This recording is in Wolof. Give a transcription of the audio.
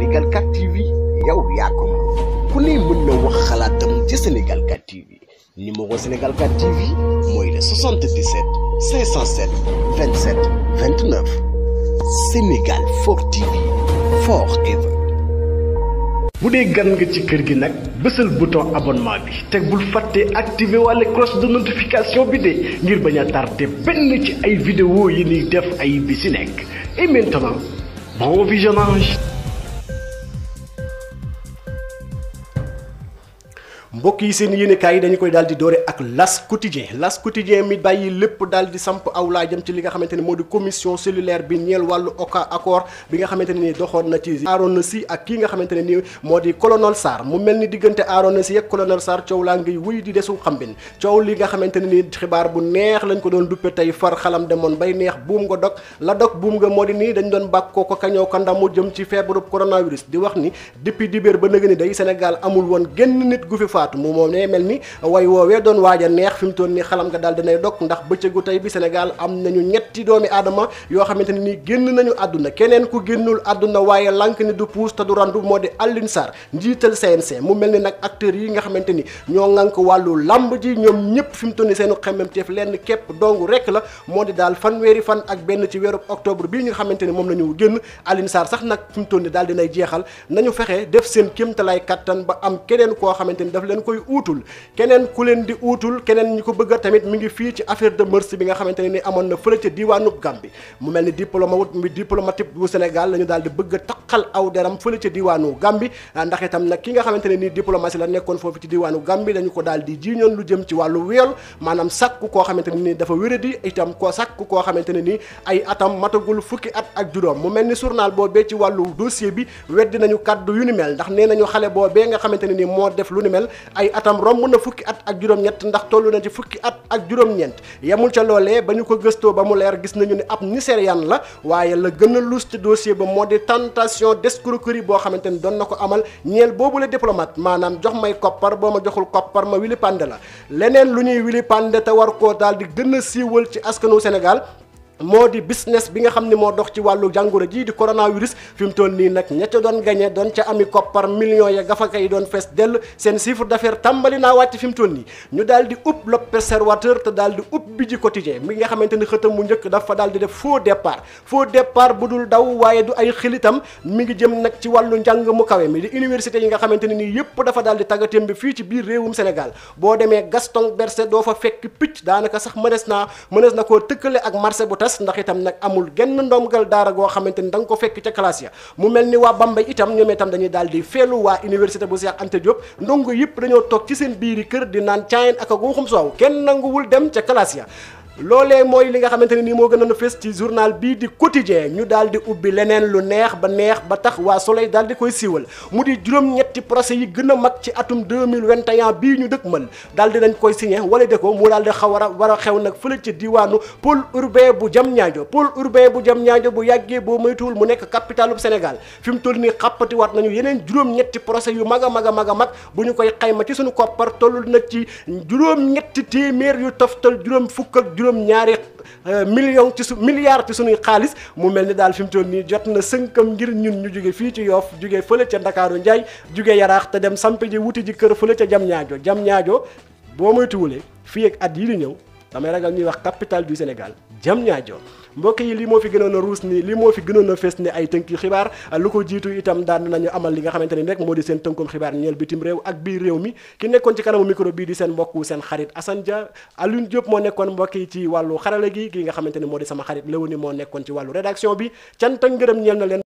Sénégal 4 TV yow yaa ko ku ne mën na wax xalaatam ci Sénégal 4 TV numéro Sénégal 4 TV moy le 77 507 27 29 Sénégal 4 TV forever. bu vous gan nga ci kër gi nak, le bouton abonnement bi teg bul faté activer walla cloche de notification bi dé ngir baña a tardé benn ci ay vidéo yi ni def ay bi et maintenant bon visionnage mbokk yi seen yéenekaay yi dañu koy daal di doore ak las quotidien las quotidien mi bàyyi lépp daal di samp aw laa jëm ci li nga xamante ne moo di commission cellulaire bi ñeel wàllu oka accord bi nga xamante ne ni doxoon na ci Arona Sy ak kii nga xamante ne nii moo di colonel Sarr mel ni diggante Arona Sy ak colonel Sarr coow laa ngi wuy di desu xambin coow li nga xamante ne xibaar bu neex lañ ko doon duppe tey far xalam demoon bay neex buum nga dog la dog buum nga moo di nii dañ doon bàkkoo ko kañoo ko ndamu jëm ci feebarub coronavirus wax ni depuis dibéer ba nëgë ni day Sénégal amul faatu mu moom ne mel ni way woowee doon waaj a neex fi mu toon ni xalam nga daal dinay dog ndax bëccëgu tey bi Sénégal am nañu ñetti doomi aadama yoo xamante ne génn nañu àdduna keneen ku génnul àdduna waaye lank ni du puus te du randu moo di Alioune Sarr njiital CNC mu mel ni nag acteurs yi nga xamante ni ñoo ŋànk wàllu lamb ji ñoom ñëpp fi mu toon ni seenu xemmemteef lenn képp dong rek la moo di daal fanweeri fan ak benn ci weeru octobre bii nga xamante ni moom la ñu génn Alioune Sarr sax nag fi mu toon ni daal dinay jeexal nañu fexe def seen kéemtalaay kattan ba am keneen koo xamante ni daf dañ koy uutul keneen ku leen di uutul keneen ñu ko bëgg tamit mu ngi fii ci affaire de mœurs bi nga xamante ne ni amoon na fële ca diwaanu Gambie mu mel ni diplôme wut mi diplomatique bu Sénégal la daal di bëgg a taqal aw deram fële diwaanu Gambie ndax itam nag ki nga xamante ne nii diplomatie la nekkoon foofu ci diwaanu Gambie dañu ko daal di jiiñoon lu jëm ci wàllu wéyal maanaam sàkk koo xamante ne nii dafa wéradi itam ko sàkk koo xamante ne nii ay atam matagul fukki at ak juróom mu mel ni journal boobee ci wàllu dossier bi weddi nañu kàddu yu ni ndax nee nañu xale boobee nga xamante ne nii moo def lu ni mel ay atam romb na fukki at ak juróom-ñett ndax tollu na ci fukki at ak juróom-ñeent yemul ca loolee ba ñu ko gëstoo ba mu leer gis nañu ne ab nigérian la waaye la gën a luus ci dossier ba moo di des d'escroquerie boo xamante ni doon na ko amal ñeel boobu la diplomate maanaam jox may koppar boo ma joxul koppar ma wili pande la leneen lu ñuy wili pande te war koo daal di gën a siiwal ci askanu Sénégal moo di business bi nga xam ne moo dox ci wàllu jàngoro jii di coronavirus fi mu toll nii nag ña ca doon gagné doon ca ami koppar millions ya gafa kay doon fees dell seen chiffre d'affaires tàmbali naa wàcc fim mu toll nii ñu daal di ub l'observateur te daal di ub bi ji quotidien nga xamante ni xëtam mu njëkk dafa daal di def faux départ faux départ bu dul daw waaye du ay xilitam mi ngi jëm nag ci wàllu njàng mu kawe mi di université yi nga xamante ne nii yëpp dafa daal di tàggatéem fii ci biir réewum Sénégal boo demee Gaston Berger doo fa fekk picc daanaka sax mënees naa mënees na koo tëkkale ak marché bu tas bees ndax itam nag amul genn ndongal daara goo xamante ni da nga ko fekk ca classe ya mu mel ni waa Bambey itam ñoom tam dañuy daal di feelu waa université bu Cheikh Anta Diop ndongo yëpp dañoo toog ci seen biir yi kër di naan caayin ak a guuxum soow kenn nanguwul dem ca classe ya loolee mooy li nga xamante ne nii moo gën a fës ci journal bii di quotidien ñu daal di ubbi leneen lu neex ba neex ba tax waa Soleil daal di koy siiwal mu di juróom-ñetti procès yi gën a mag ci atum 2021 bii ñu dëkkmal daal di koy signé wala de ko mu daal di xaw a war a xew nag fële ci diwaanu pôle urbain bu Diamniadio pôle urbain bu Diamniadio bu yàggee boo moytuwul mu nekk capitalu Sénégal fi mu toll nii xappatiwaat nañu yeneen juróom-ñetti procès yu mag a mag a mag a mag bu ñu koy xayma ci suñu koppar toll na ci juróom-ñetti téeméer yu toftal juróom fukk juróom juróom-ñaari euh, million ci su milliards ci suñuy xaalis mu mel ni daal fi mu nii jot na sënkam ngir ñun ñu jóge fii ci Yoff jóge fële ca Ndakaaru Njaay jóge Yaraax te dem samp ji wuti ji kër fële ca jam ñaajo jam ñaajo boo moytuwulee fii at yi di ñëw damay ragal ñuy wax capitale du Sénégal Diamniadio mbokk yi lii moo fi gënoon a ruus ni li moo fi gënoon a fees ni ay tënki xibaar lu ko jiitu itam daan nañu amal li nga xamante ni rek moo di seen tënkum xibaar ñeel bitim réew ak biir réew mi ki nekkoon ci kanamu micro bii di seen mbokku seen xarit Assane Dia Alioune Diop moo nekkoon mbokk yi ci wàllu xarala gi ki nga xamante ni moo di sama xarit ni moo nekkoon ci wàllu rédaction bi cant ak ngërëm na leen